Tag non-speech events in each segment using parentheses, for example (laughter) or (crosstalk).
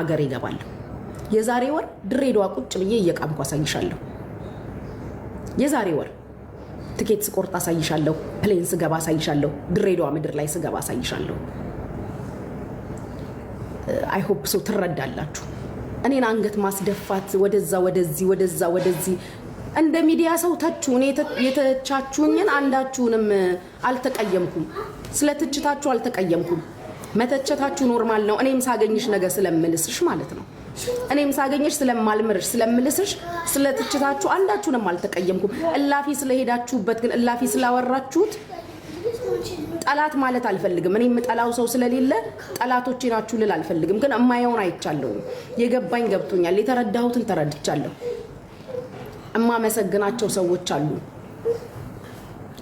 አገር ይገባለሁ። የዛሬ ወር ድሬዳዋ ቁጭ ብዬ እየቃምኩ አሳይሻለሁ። የዛሬ ወር ትኬት ስቆርጥ አሳይሻለሁ። ፕሌን ስገባ አሳይሻለሁ። ድሬዳዋ ምድር ላይ ስገባ አሳይሻለሁ። አይሆፕ ሶ ትረዳላችሁ። እኔን አንገት ማስደፋት ወደዛ ወደዚህ ወደዛ ወደዚህ እንደ ሚዲያ ሰው ተቹ። እኔ የተቻችሁኝን አንዳችሁንም አልተቀየምኩም። ስለ ትችታችሁ አልተቀየምኩም። መተቸታችሁ ኖርማል ነው። እኔም ሳገኝሽ ነገ ስለምልስሽ ማለት ነው። እኔም ሳገኝሽ ስለማልምርሽ ስለምልስሽ፣ ስለ ትችታችሁ አንዳችሁንም አልተቀየምኩም። እላፊ ስለሄዳችሁበት ግን እላፊ ስላወራችሁት ጠላት ማለት አልፈልግም። እኔ የምጠላው ሰው ስለሌለ ጠላቶቼ ናችሁ ልል አልፈልግም። ግን እማየውን አይቻለሁም። የገባኝ ገብቶኛል። የተረዳሁትን ተረድቻለሁ። እማመሰግናቸው ሰዎች አሉ።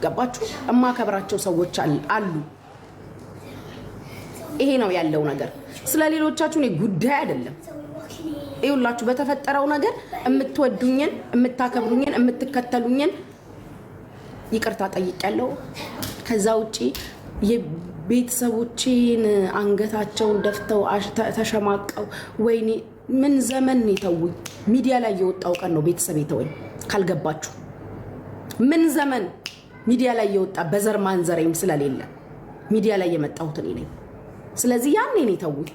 ገባችሁ? እማከብራቸው ሰዎች አሉ። ይሄ ነው ያለው ነገር። ስለ ሌሎቻችሁ እኔ ጉዳይ አይደለም። ይኸውላችሁ በተፈጠረው ነገር የምትወዱኝን፣ የምታከብሩኝን፣ የምትከተሉኝን ይቅርታ ጠይቄያለሁ። ከዛ ውጪ የቤተሰቦቼን አንገታቸውን ደፍተው ተሸማቀው ወይኔ ምን ዘመን የተውኝ ሚዲያ ላይ የወጣው ቀን ነው ቤተሰብ የተወኝ ካልገባችሁ ምን ዘመን ሚዲያ ላይ የወጣ በዘር ማንዘሬም ስለሌለ ሚዲያ ላይ የመጣሁት እኔ ነኝ። ስለዚህ ያኔን የተውኝ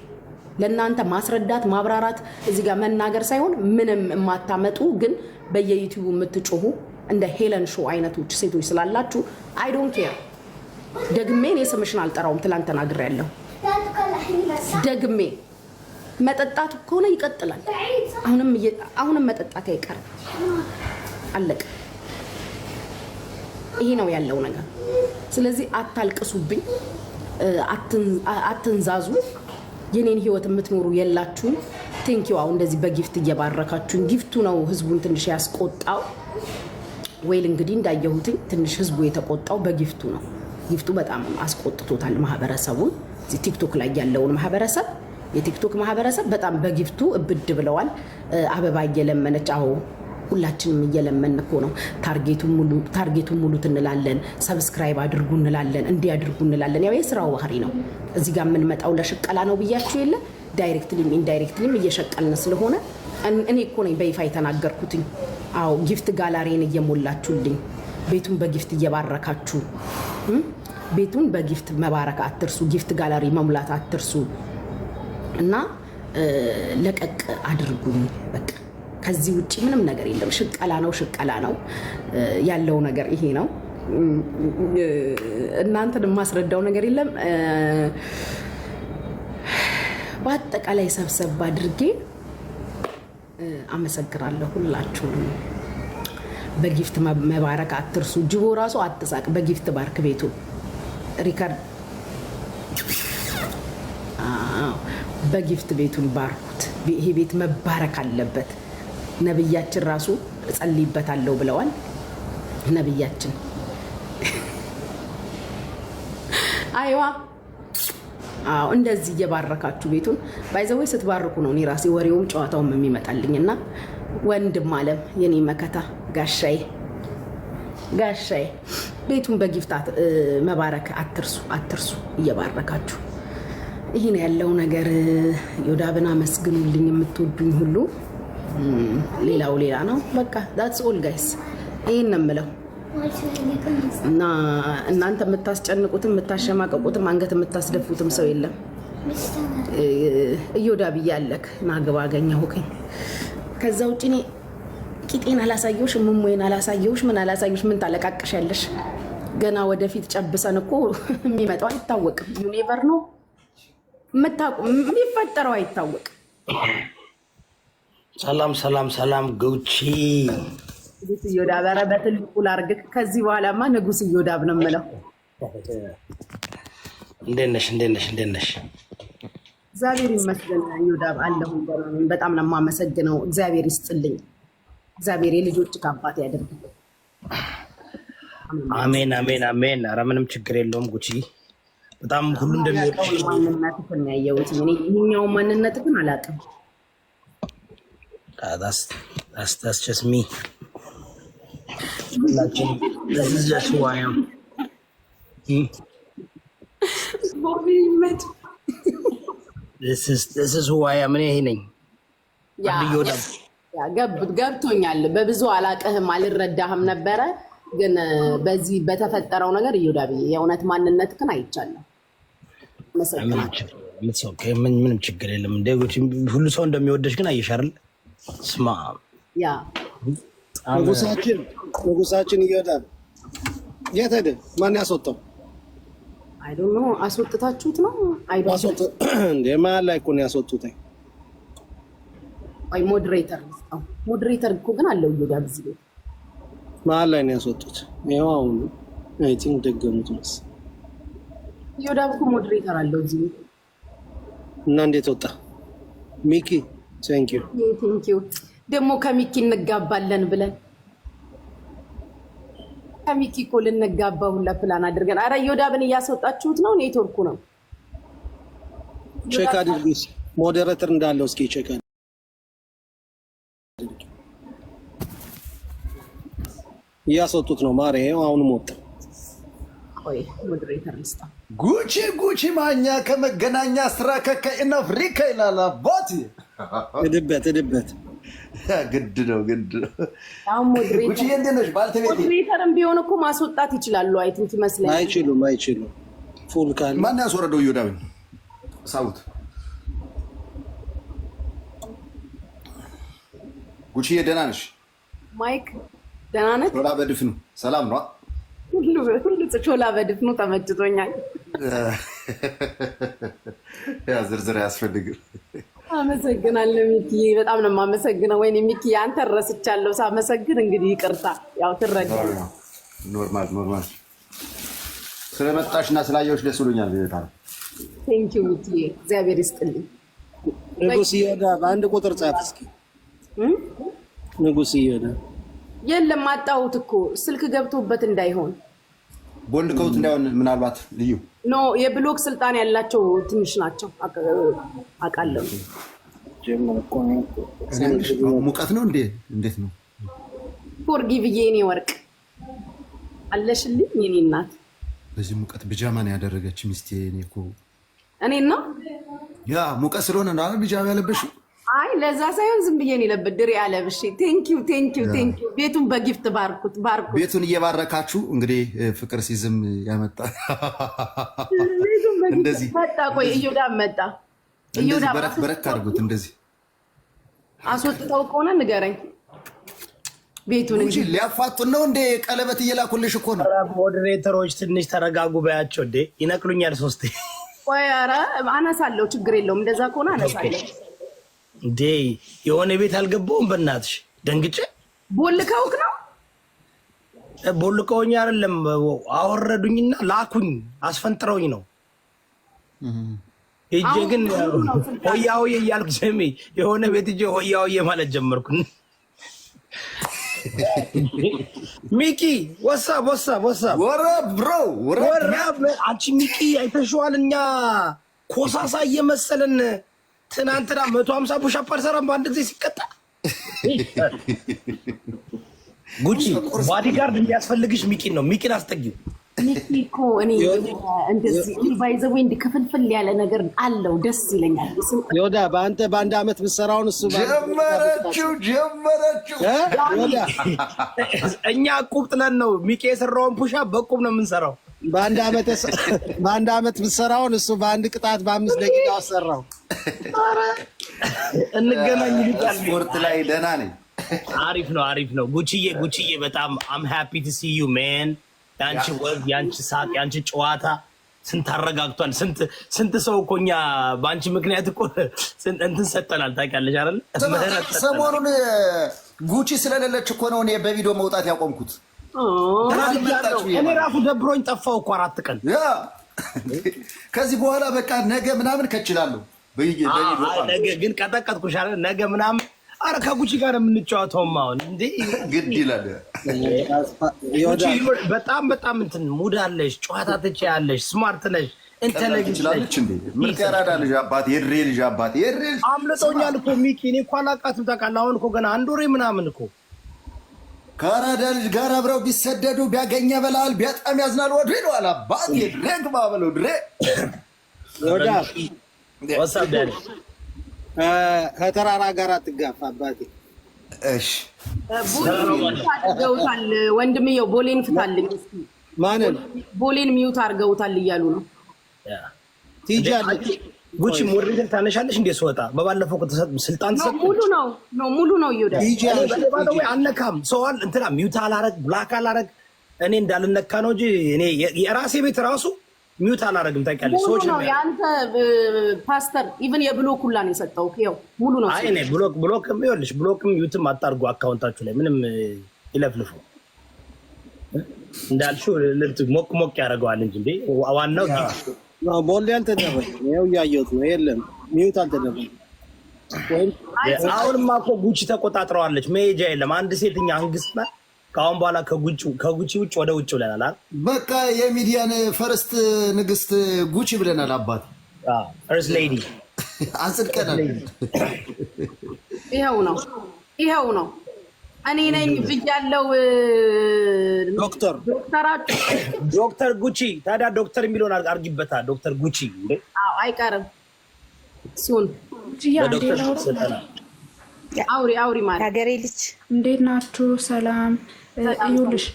ለእናንተ ማስረዳት ማብራራት እዚህ ጋር መናገር ሳይሆን ምንም የማታመጡ ግን በየዩቲዩቡ የምትጮሁ እንደ ሄለን ሾ አይነቶች ሴቶች ስላላችሁ አይ ዶን ኬር። ደግሜ እኔ ስምሽን አልጠራውም። ትላንት ደግሜ መጠጣት ከሆነ ይቀጥላል። አሁንም መጠጣት አይቀርም። አለቀ። ይሄ ነው ያለው ነገር። ስለዚህ አታልቅሱብኝ። አትንዛዙ። የኔን ህይወት የምትኖሩ የላችሁም። ቴንኪው አሁን እንደዚህ በጊፍት እየባረካችሁኝ፣ ጊፍቱ ነው ህዝቡን ትንሽ ያስቆጣው። ወይል እንግዲህ እንዳየሁትኝ ትንሽ ህዝቡ የተቆጣው በጊፍቱ ነው። ጊፍቱ በጣም አስቆጥቶታል ማህበረሰቡን፣ እዚህ ቲክቶክ ላይ ያለውን ማህበረሰብ የቲክቶክ ማህበረሰብ በጣም በጊፍቱ እብድ ብለዋል። አበባ እየለመነች አሁ። ሁላችንም እየለመን እኮ ነው። ታርጌቱን ሙሉት እንላለን፣ ሰብስክራይብ አድርጉ እንላለን፣ እንዲያድርጉ እንላለን። ያው የስራው ባህሪ ነው። እዚህ ጋር የምንመጣው ለሽቀላ ነው ብያችሁ የለ ዳይሬክትሊም ኢንዳይሬክትሊም እየሸቀልን ስለሆነ እኔ እኮ ነኝ በይፋ የተናገርኩትኝ። አዎ ጊፍት ጋላሪን እየሞላችሁልኝ ቤቱን በጊፍት እየባረካችሁ ቤቱን በጊፍት መባረክ አትርሱ። ጊፍት ጋላሪ መሙላት አትርሱ እና ለቀቅ አድርጉኝ። ከዚህ ውጭ ምንም ነገር የለም። ሽቀላ ነው፣ ሽቀላ ነው ያለው ነገር ይሄ ነው። እናንተን የማስረዳው ነገር የለም። በአጠቃላይ ሰብሰብ አድርጌ አመሰግናለሁ ሁላችሁንም። በጊፍት መባረክ አትርሱ። ጅቦ ራሱ አትሳቅ፣ በጊፍት ባርክ ቤቱ ሪከርድ በጊፍት ቤቱን ባርኩት። ይሄ ቤት መባረክ አለበት። ነብያችን ራሱ እጸልይበታለሁ ብለዋል። ነብያችን አይዋ አዎ እንደዚህ እየባረካችሁ ቤቱን ባይዘወይ ስትባርኩ ነው እኔ ራሴ ወሬውም ጨዋታውም የሚመጣልኝ። እና ወንድም አለም የኔ መከታ ጋሻዬ ጋሻዬ ቤቱን በጊፍት መባረክ አትርሱ አትርሱ፣ እየባረካችሁ ይህን ያለው ነገር ዮዳብን አመስግኑልኝ የምትወዱኝ ሁሉ ሌላው ሌላ ነው። በቃ ዳትስ ኦል ጋይስ፣ ይህን ነው የምለው እና እናንተ የምታስጨንቁትም የምታሸማቀቁትም አንገት የምታስደፉትም ሰው የለም። እዮዳ አለክ ናግባ አገኘሁኝ። ከዛ ውጭ እኔ ቂጤን አላሳየሁሽ፣ ምሞዬን አላሳየሁሽ፣ ምን አላሳየሁሽ። ምን ታለቃቅሻለሽ? ገና ወደፊት ጨብሰን እኮ የሚመጣው አይታወቅም። ዩኒቨር ነው የምታውቁ፣ የሚፈጠረው አይታወቅም። ሰላም ሰላም ሰላም ጉቺ ንጉስ እዮዳብ፣ ኧረ በትልቁ ላድርግ። ከዚህ በኋላማ ንጉስ እዮዳብ ነው የምለው። እንዴት ነሽ? እንዴት ነሽ? እንዴት ነሽ? እግዚአብሔር ይመስገን እዮዳብ፣ አለሁኝ። በጣም ነው የማመሰግነው። እግዚአብሔር ይስጥልኝ። እግዚአብሔር የልጆች ከአባት ያደርግ አሜን፣ አሜን፣ አሜን። ኧረ ምንም ችግር የለውም ጉቺ። በጣም ሁሉ እንደሚወድ ማንነት ያየሁት ይህኛው ማንነት ግን አላውቅም Uh, that's that's that's just me. this is just who I am. Hmm? this is this is who I am. እኔ Yeah. ነኝ። ገብቶኛል። በብዙ አላቅህም፣ አልረዳህም ነበረ ግን uh, በዚህ በተፈጠረው ነገር እዩዳብዬ የእውነት ማንነትህን አይቻለሁ። ምንም ችግር የለም። ሁሉ ሰው እንደሚወደሽ ግን አየሽ ስማ ያ ንጉሳችን ንጉሳችን የት ሄደ? ማን ያስወጣው? አይ ዶንት ኖ አስወጥታችሁት ነው? አይ ዶንት አስወጥ (clears throat) እንዴ ማን ላይ እኮ ነው ያስወጡት? አይ ሞዴሬተር ነው። ሞዴሬተር እኮ ግን አለው ጊዜ ላይ ነው ያስወጡት? አሁን አይ ቲንክ ደገሙት እኮ ሞዴሬተር አለው እዚህ እና እንዴት ወጣ ሚኪ ቴንኪው ደግሞ ከሚኪ እንጋባለን ብለን ከሚኪ እኮ ልንጋባ ሁላ ፕላን አድርገን። አረ ዮዳብን እያስወጣችሁት ነው። ኔትወርኩ ነው። ቼክ ሞዴሬተር እንዳለው እስኪ ቼክ እያስወጡት ነው። አሁንም ወጣ። ቆይ ሞዴሬተር ልስጣ። ጉቺ ጉቺ ማኛ ከመገናኛ ስራ ከከኢን አፍሪካ ይላል አባት እድበት እድበት ግድ ነው ግድ ነው። ሞዴሬተርም ቢሆን እኮ ማስወጣት ይችላሉ። አይትንት ቲንክ ይመስለኛል። አይችሉም አይችሉም። ፉል ካለ ማን ያስወረደው? እዮዳብኝ ሳውት ጉቺዬ፣ ደህና ነሽ? ማይክ ደህና ነች? በድፍኑ ሰላም ነው ሁሉ ቾላ በድፍኑ ተመችቶኛል። ያ ዝርዝር አያስፈልግም። አመሰግናለሁ ሚኪ፣ በጣም ነው የማመሰግነው። ወይኔ ሚኪ አንተን ረስቻለሁ ሳመሰግን። እንግዲህ ይቅርታ፣ ያው ትረዳ። ኖርማል ኖርማል። ስለመጣሽ እና ስላየሁሽ ደስ ብሎኛል። ቤታ ቴንኪ ሚኪ፣ እግዚአብሔር ይስጥልኝ። ንጉስ እየወዳ በአንድ ቁጥር ጻፍ እስኪ። ንጉስ እየወዳ የለም አጣሁት እኮ ስልክ ገብቶበት እንዳይሆን ቦልድ ከውት እንዳይሆን ምናልባት ልዩ ኖ የብሎክ ስልጣን ያላቸው ትንሽ ናቸው አውቃለሁ። ሙቀት ነው እንዴ? እንዴት ነው ፎርጊቭዬ የኔ ወርቅ አለሽልኝ የኔ እናት። በዚህ ሙቀት ብጃማን ያደረገች ሚስቴ እኔ እኮ እኔ ነው ያ ሙቀት ስለሆነ ነው ብጃማ ያለበሽው አይ ለዛ ሳይሆን ዝም ብዬን ነው ለብድ ድሬ አለብሽ። ቴንኪው ቴንኪው ቴንኪው። ቤቱን በጊፍት ባርኩት ባርኩት። ቤቱን እየባረካችሁ እንግዲህ ፍቅር ሲዝም ያመጣ እንደዚህ መጣ። ቆይ እዮዳ መጣ። እዮዳ በረክ በረክ አድርጉት። እንደዚህ አስወጥተው ከሆነ ንገረኝ። ቤቱን እንጂ ሊያፋጡን ነው እንዴ? ቀለበት እየላኩልሽ እኮ ነው። ሞዴሬተሮች ትንሽ ተረጋጉ በያቸው እንዴ፣ ይነቅሉኛል ሶስቴ። ቆይ ኧረ አነሳለሁ፣ ችግር የለውም። እንደዛ ከሆነ አነሳለሁ እንዴ የሆነ ቤት አልገባውም። በእናትሽ ደንግጬ ቦልከውክ ነው ቦልከውኝ አይደለም አወረዱኝና ላኩኝ አስፈንጥረውኝ ነው። እጄ ግን ሆያ እያልኩ ስሜ የሆነ ቤት እጄ ሆያ ሆዬ ማለት ጀመርኩ። ሚኪ ወሳ ወሳ ወሳ ወራ ብሮ ወራ አንቺ ሚኪ አይተሽዋል። እኛ ኮሳሳ እየመሰለን ትናንትና መቶ ሀምሳ ፑሻፕ አልሰራም በአንድ ጊዜ ሲቀጣ ጉቺ ባዲጋርድ እንዲያስፈልግሽ ሚቂን ነው። ሚቂን አስጠጊው። ሚቂ እኮ እኔ እንደዚህ ያለ ነገር አለው ደስ ይለኛል። ዮዳ በአንተ በአንድ አመት ምሰራውን እሱ ጀመረችው ጀመረችው። እኛ ቁብጥለን ነው ሚቂ የሰራውን ፑሻ በቁብ ነው የምንሰራው። በአንድ አመት ምሰራውን እሱ በአንድ ቅጣት በአምስት ደቂቃ ሰራው። እንገናኝ ይልቃል። ስፖርት ላይ ደህና ነኝ። አሪፍ ነው፣ አሪፍ ነው። ጉችዬ ጉችዬ፣ በጣም አም ሃፒ ቱ ሲ ዩ ሜን። የአንቺ ወግ፣ የአንቺ ሳቅ፣ የአንቺ ጨዋታ ስንት አረጋግቷል። ስንት ስንት ሰው እኮ እኛ በአንቺ ምክንያት እኮ እንትን ሰጠናል። ታውቂያለሽ አይደል? ሰሞኑን ጉቺ ስለሌለች እኮ ነው እኔ በቪዲዮ መውጣት ያቆምኩት። እኔ ራሱ ደብሮኝ ጠፋው እኮ አራት ቀን። ከዚህ በኋላ በቃ ነገ ምናምን ከችላለሁ ግን ቀጠቀጥኩሽ አለ ነገ ምናምን አረ ከጉቺ ጋር የምንጫወተው አሁን እንዴ ግድ ይላል። በጣም በጣም እንትን ሙድ አለሽ፣ ጨዋታ ስማርት ነሽ፣ ኢንተለጀንት ልጅ አባት የድሬ ልጅ አባት የድሬ አምልጦኛል እኮ ሚኪ። እኔ እኮ አላውቃትም ታውቃለህ። አሁን እኮ ገና አንድ ወሬ ምናምን እኮ ከአራዳ ልጅ ጋር አብረው ቢሰደዱ ቢያገኘ በላል ቢያጣም ያዝናል። ወዱ ይለዋል አባት ደግማ በለው ድሬ ከተራራ ጋር አትጋፋ አባቴ። አድርገውታል ወንድምየው፣ ቦሌን ፍታልኝ። ማንን ቦሌን ሚዩት አድርገውታል እያሉ ነው ቲጃ ጉቺ ሞዴሬሽን ታነሻለሽ እንዴ? ስወጣ በባለፈው ስልጣን ሙሉ ነው ነው ሙሉ ነው አልነካም። ሰዋል እንትና ሚውት አላረግ ብላክ አላረግ እኔ እንዳልነካ ነው እንጂ እኔ የራሴ ቤት ራሱ ሚውት አላረግም። ታውቂያለሽ ሰዎች ነው የአንተ ፓስተር ኢቭን የብሎክ ሁላ ነው የሰጠው። ይኸው ሙሉ ነው። አይ እኔ ብሎክ ብሎክም ይኸውልሽ፣ ብሎክም ሚውትም አታርጉ አካውንታችሁ ላይ ምንም ይለፍልፉ እንዳልሽው ልልት ሞቅ ሞቅ ያደርገዋል እንጂ እንዴ ዋናው ቦሌ አልተደረገም። ይኸው እያየሁት ነው። የለም ሚዩት አልተደረገም። አሁንማ እኮ ጉቺ ተቆጣጥረዋለች። መሄጃ የለም። አንድ ሴትኛ አንግስትና ከአሁን በኋላ ከጉቺ ውጭ ወደ ውጭ ብለናል። በቃ የሚዲያን ፈርስት ንግስት ጉቺ ብለናል። አባት ፈርስት ሌዲ አጽድቀናል። ይኸው ነው፣ ይኸው ነው። እኔ ነኝ ብያለው። ዶክተር ዶክተራችሁ ዶክተር ጉቺ ታዲያ ዶክተር የሚለውን አርጊበታ ዶክተር ጉቺ አይቀርም። ሱን አውሪ አውሪ ማለት ሀገሬ ልጅ እንዴት ናችሁ? ሰላም ይሁልሽ።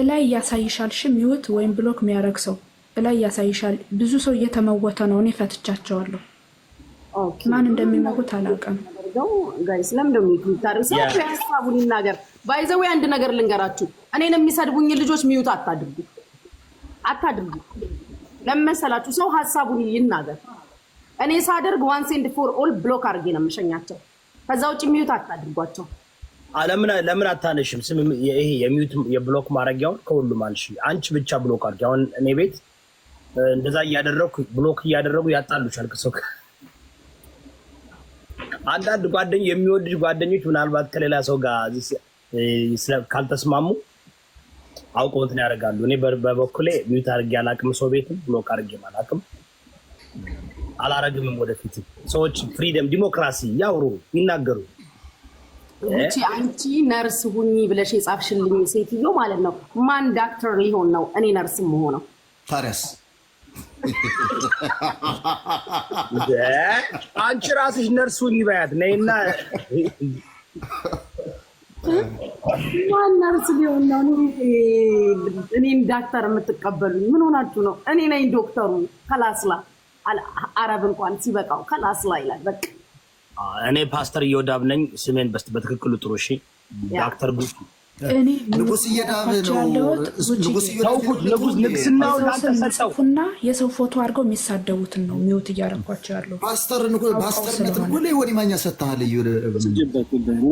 እላይ እያሳይሻል እሺ ሚውት ወይም ብሎክ የሚያደርግ ሰው እላይ ያሳይሻል። ብዙ ሰው እየተመወተ ነው። እኔ ፈትቻቸዋለሁ። ማን እንደሚመጉት አላውቅም። የምፈልገው ጋይስ፣ ለምን ደሞ ይታረም ሰው ሀሳቡን ይናገር። ባይዘው አንድ ነገር ልንገራችሁ፣ እኔን የሚሰድቡኝ ልጆች ሚዩት አታድርጉ፣ አታድርጉ። ለመሰላችሁ ሰው ሀሳቡን ይናገር። እኔ ሳደርግ ዋን ሴንድ ፎር ኦል ብሎክ አድርጌ ነው የምሸኛቸው። ከዛ ውጭ ሚዩት አታድርጓቸው። ለምን አታነሽም? ስም ይሄ የሚዩት የብሎክ ማድረጊያውን ከሁሉም አንሺ። አንቺ ብቻ ብሎክ አድርጊ። አሁን እኔ ቤት እንደዛ እያደረኩ ብሎክ እያደረጉ ያጣሉ ቻልክ ሰው አንዳንድ ጓደኝ የሚወድድ ጓደኞች ምናልባት ከሌላ ሰው ጋር ካልተስማሙ አውቀው እንትን ያደርጋሉ። እኔ በበኩሌ ሚዩት አድርጌ አላቅም፣ ሰው ቤትም ብሎክ አድርጌ አላቅም፣ አላረግምም። ወደፊት ሰዎች ፍሪደም ዲሞክራሲ ያውሩ ይናገሩ። አንቺ ነርስ ሁኚ ብለሽ የጻፍሽልኝ ሴትዮ ማለት ነው ማን ዳክተር ሊሆን ነው? እኔ ነርስም መሆነው ታዲያስ አንቺ ራስሽ ነርሱን ይበያት ነይና ማን ነርስ ሊሆን ነው? እኔን ዳክተር የምትቀበሉኝ ምን ሆናችሁ ነው? እኔ ነኝ ዶክተሩ። ከላስላ አረብ እንኳን ሲበቃው ከላስላ ይላል። በቃ እኔ ፓስተር እየወዳብ ነኝ። ስሜን በትክክሉ ጥሩ። እሺ ዳክተር ብዙ ንጉስ እየዳብ ነውንጉስና የሰው ፎቶ አድርገው የሚሳደቡትን ነው ሚውት እያረኳቸው ያለው ፓስተርነት ሁሌ ወደ ማኛ ሰጥተሃል።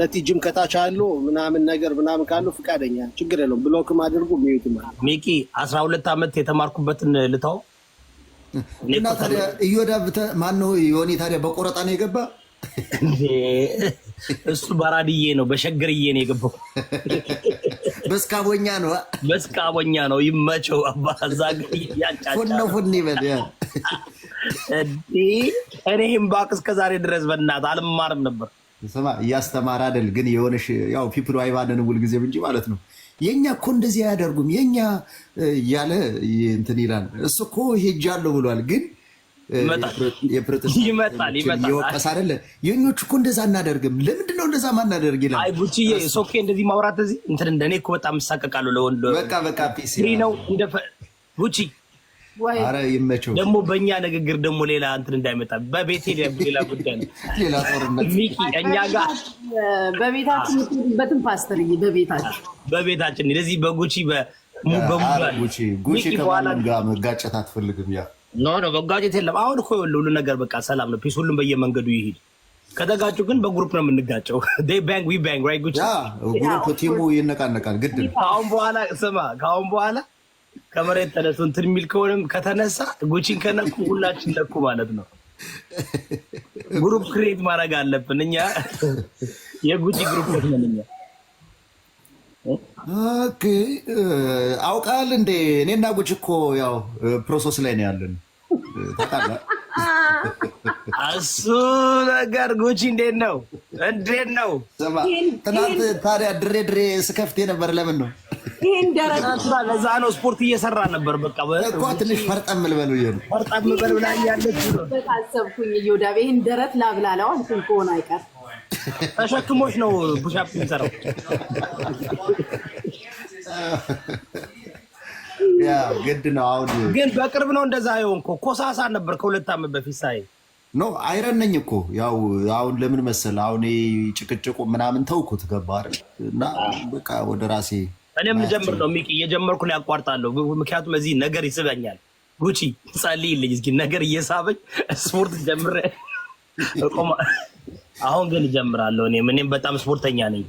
ነቲጅም ከታች አሉ ምናምን ነገር ምናምን ካሉ ፍቃደኛ ችግር የለውም ብሎክም አድርጉ ሚውት ሚኪ አስራ ሁለት ዓመት የተማርኩበትን ልታው እና ታዲያ እዮዳብ ማነው የሆኔ ታዲያ በቆረጣ ነው የገባ እሱ በራድዬ ነው በሸገርዬ ነው የገባው። በስካቦኛ ነው በስካቦኛ ነው። ይመቸው አባዛ እዛ ፉን ይበል። እኔህም ባቅ እስከዛሬ ድረስ በእናት አልማርም ነበር። ስማ እያስተማረ አይደል ግን የሆነሽ ያው ፒፕሉ ውል ጊዜ እንጂ ማለት ነው የእኛ እኮ እንደዚህ አያደርጉም የእኛ እያለ እንትን ይላል። እሱ እኮ ሄጃለሁ ብሏል ግን ይመጣል ይወቀስ አይደለ? የእኞቹ እኮ እንደዛ እናደርግም። ለምንድን ነው እንደዛ ማናደርግ ይላል። አይ ቡችዬ ሶኬ እንደዚህ ማውራት እዚህ እንትን እንደኔ እኮ በጣም እሳቀቃለሁ። ለወንድ በቃ በቃ ፒሲ ነው እንደ ቡቺ አረ ይመቸው። ደግሞ በእኛ ንግግር ደግሞ ሌላ እንትን እንዳይመጣ በቤቴ ሌላ ጉዳይ ነው፣ ሌላ ጦርነት ሚኪ እኛ ጋር በቤታችን የምትሄዱበትን ፓስተር በቤታችን በቤታችን ለዚህ በጉቺ በሙበሙ ጉቺ በኋላ ጋር መጋጨት አትፈልግም ያ ኖ ኖ መጋጨት የለም። አሁን እኮ ሁሉ ነገር በቃ ሰላም ነው፣ ፒስ ሁሉም በየመንገዱ ይሄድ። ከተጋጩ ግን በግሩፕ ነው የምንጋጨው። ባንግ ዊ ባንግ ራይት ጉቺ ግሩፕ ቲሙ ይነቃነቃል። ግድ ነው። ከአሁን በኋላ ስማ፣ ከአሁን በኋላ ከመሬት ተነሱ እንትን የሚል ከሆነም ከተነሳ ጉቺን ከነኩ ሁላችን ነኩ ማለት ነው። (laughs) ግሩፕ ክሬት ማድረግ አለብን እኛ (laughs) የጉቺ ግሩፕ ነን እኛ አውቃል እንዴ? እኔና ጉጭ እኮ ያው ፕሮሰስ ላይ ነው ያለን። እሱ ነገር ጉቺ እንዴት ነው? እንዴት ነው? ትናንት ታዲያ ድሬ ድሬ ስከፍቴ ነበር። ለምን ነው ለዛ ነው ስፖርት እየሰራ ነበር። በቃ እኮ ትንሽ ፈርጠም ልበል ፈርጠም ልበል ብላ ያለች ታሰብኩኝ። እዮዳቤ ይህን ደረት ላብላለው አንቺን ከሆነ አይቀር ተሸክሞች ነው ቡሻፕ የሚሰራው። ግድ ነው። አሁን ግን በቅርብ ነው እንደዛ የሆንከው። ኮሳሳ ነበር ከሁለት ዓመት በፊት ሳይ ኖ አይረነኝ እኮ ያው አሁን ለምን መሰል አሁን ጭቅጭቁ ምናምን ተውኩት ገባር እና በቃ ወደ ራሴ እኔም ልጀምር ነው ሚቂ እየጀመርኩ ላይ ያቋርጣለሁ። ምክንያቱም እዚህ ነገር ይስበኛል። ጉቺ ጸልይልኝ እስኪ ነገር እየሳበኝ ስፖርት ጀምሬ አሁን ግን እጀምራለሁ። እኔም እኔም በጣም ስፖርተኛ ነኝ።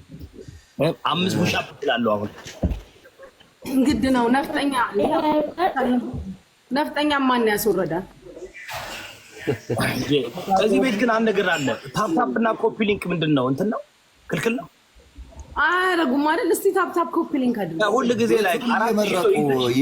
አምስት ፑሻፕ እችላለሁ። አሁን ግድ ነው። ነፍጠኛ ነፍጠኛ ማን ያስወረዳል? ከዚህ ቤት ግን አንድ ነገር አለ። ታፕታፕ እና ኮፒ ሊንክ ምንድን ነው? እንትን ነው ክልክል ነው አረጉም አይደል? እስቲ ታፕታፕ ኮፒ ሊንክ አድርጉ ሁሉ ጊዜ ላይ